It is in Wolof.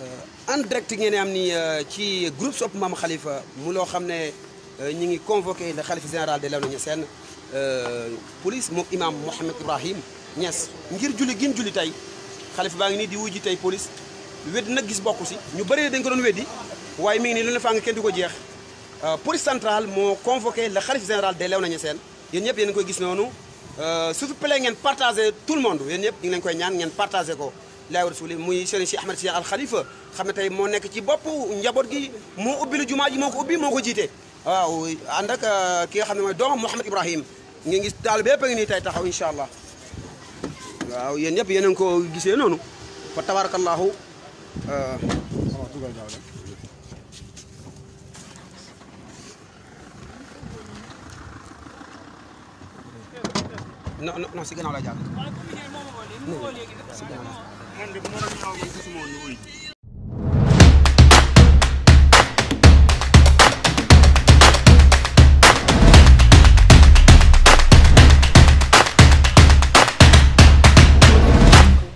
Euh, en direct ngeen am ni euh, ci groupe sopp mam xalifa mu loo xam ne euh, ñu ngi convoqué le xalifa général de Léona Niassène police moom imam Mouhamed Ibrahim Niass ngir julli gin juli tey xalifa baa ngi nii di wujji tey police wedd nag gis bokku si ñu bëree dañ ko doon weddi waaye mi ngi nii ne faa nga kenn du ko jeex police centrale moo convoqué le xalifa général de na Niassène yéen ñëpp yéen ko gis noonu s'il vous plaît ngeen partage tout le monde yéen ñëpp ñu ngi leen ñaan ngeen partagé ko laahi wa rasuli muy Serigne si Ahmed si al Khalifa xam ne tey moo nekk ci bopp njaboot gi moo ubbi lu jumaa ji moo ko ubbi moo ko jiite waaw ànd ak euh, ki nga xam ne mooy doomam Mouhamed Ibrahim ngi gis daal bépp a ngi nii tey taxaw incha allah waaw yéen ñëpp yéen a ngi ko gisee noonu fa tabarakallahu euh, non non si gannaaw la jàll non si gannaaw man de bu ma doon ñëw moom gisuma woon ni wuy